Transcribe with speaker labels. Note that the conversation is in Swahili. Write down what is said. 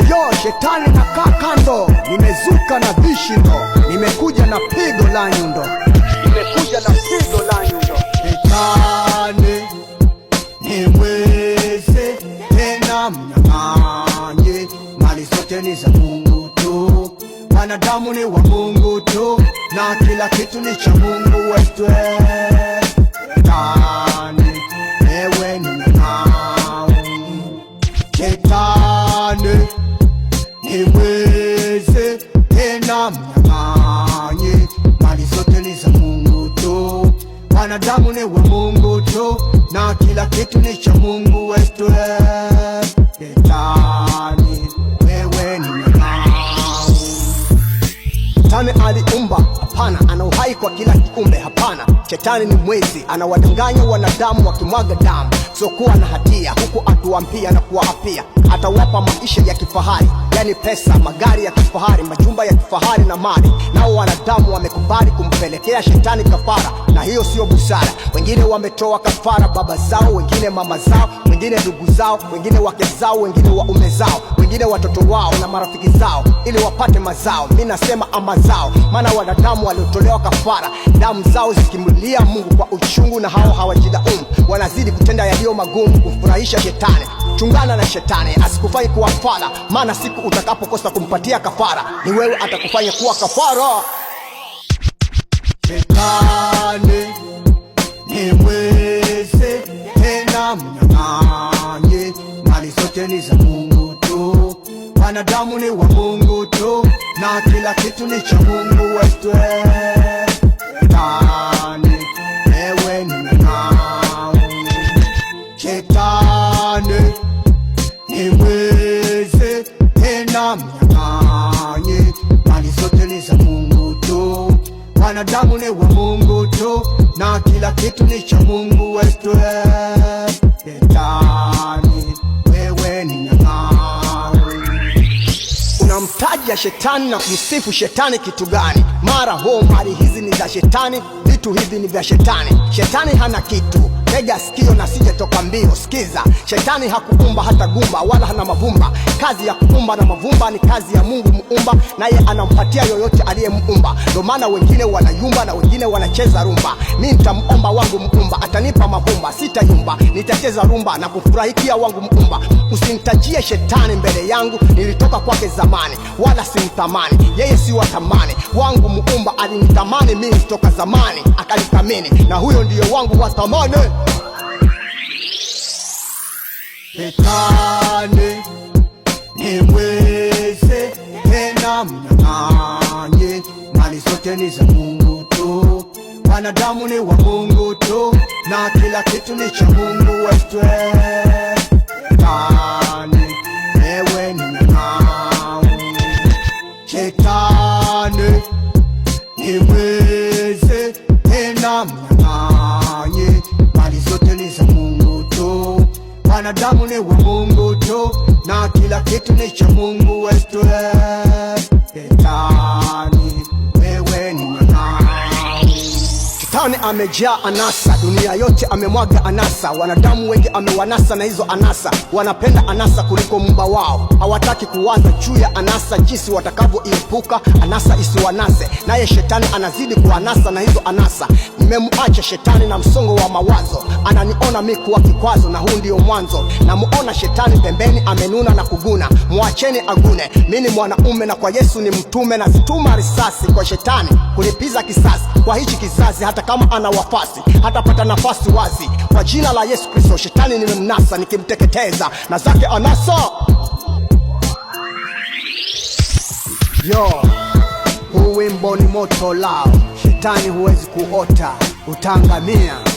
Speaker 1: Eyo, shetani na kaa kando, nimezuka na vishindo, nimekuja na pigo la nyundo, nimekuja na pigo la nyundo.
Speaker 2: Shetani ni mwizi tena mnyang'anyi, mali zote ni za Mungu tu, wanadamu ni wa Mungu tu, na kila kitu ni cha Mungu wetu. wanadamu ni wa Mungu tu na kila kitu ni cha Mungu wetu.
Speaker 3: kwa kila kiumbe. Hapana, shetani ni mwezi anawadanganya wanadamu wakimwaga damu sokuwa na hatia, huku akiwaambia na kuwaapia atawapa maisha ya kifahari, yani pesa, magari ya kifahari, majumba ya kifahari na mali. Nao wanadamu wamekubali kumpelekea shetani kafara, na hiyo sio busara. Wengine wametoa kafara baba zao, wengine mama zao, wengine ndugu zao, wengine wake zao, wengine waume zao wengine watoto wao na marafiki zao ili wapate mazao. Mi nasema ama zao maana wanadamu waliotolewa kafara, damu zao zikimlia Mungu kwa uchungu, na hao hawajidhaumu, wanazidi kutenda yaliyo magumu, kufurahisha shetani. Chungana na shetani asikufai kuwa fara, maana siku utakapokosa kumpatia kafara, ni wewe atakufanya kuwa kafara.
Speaker 2: Shetani. Wanadamu ni wa Mungu tu na kila kitu ni cha Mungu wetu. Shetani, ewe ni Shetani ni mwizi tena mnyang'anyi, mali zote ni za Mungu tu. Wanadamu ni wa Mungu tu na kila kitu ni cha Mungu wetu. Shetani
Speaker 3: ya shetani na kusifu shetani kitu gani? Mara ho mali hizi ni za shetani, vitu hivi ni vya shetani, shetani hana kitu tega sikio na sije toka mbio. Sikiza, shetani hakuumba hata gumba, wala hana mavumba. Kazi ya kuumba na mavumba ni kazi ya Mungu Muumba, naye anampatia yoyote aliyemuumba. Ndio maana wengine wanayumba na wengine wanacheza rumba. Mi nitamuomba wangu Muumba, atanipa mavumba, sitayumba. Nitacheza rumba na kufurahikia wangu Muumba. Usinitajie shetani mbele yangu, nilitoka kwake zamani, wala simthamani yeye, si watamani wangu Muumba. Alinitamani mi toka zamani, akanitamini, na huyo ndiyo wangu wa thamani.
Speaker 2: Shetani ni mwizi tena mnyang'anyi, mali zote ni za Mungu tu, wanadamu ni wa Mungu tu, na kila kitu ni cha Mungu wetu. Shetani ewe ni mnyang'anyi, Shetani ni mwizi Wanadamu ni wa Mungu tu na kila kitu ni cha Mungu wetu. Eh, eh, eh,
Speaker 3: Shetani amejaa anasa, dunia yote amemwaga anasa. Wanadamu wengi amewanasa na hizo anasa, wanapenda anasa kuliko mumba wao. Hawataki kuwaza juu ya anasa, jinsi watakavyoiepuka anasa isiwanase. Naye shetani anazidi kuanasa na hizo anasa. Nimemuacha shetani na msongo wa mawazo, ananiona mi kuwa kikwazo, na huu ndio mwanzo. Namuona shetani pembeni amenuna na kuguna, mwacheni agune. Mi ni mwanaume na kwa Yesu ni mtume, na nazituma risasi kwa shetani kulipiza kisasi kwa hichi kizazi hata kama ana wafasi hatapata nafasi wazi. Kwa jina la Yesu Kristo, shetani nimemnasa, nikimteketeza na zake anasa
Speaker 4: yo. Huu wimbo ni moto lao, shetani huwezi kuota, utangamia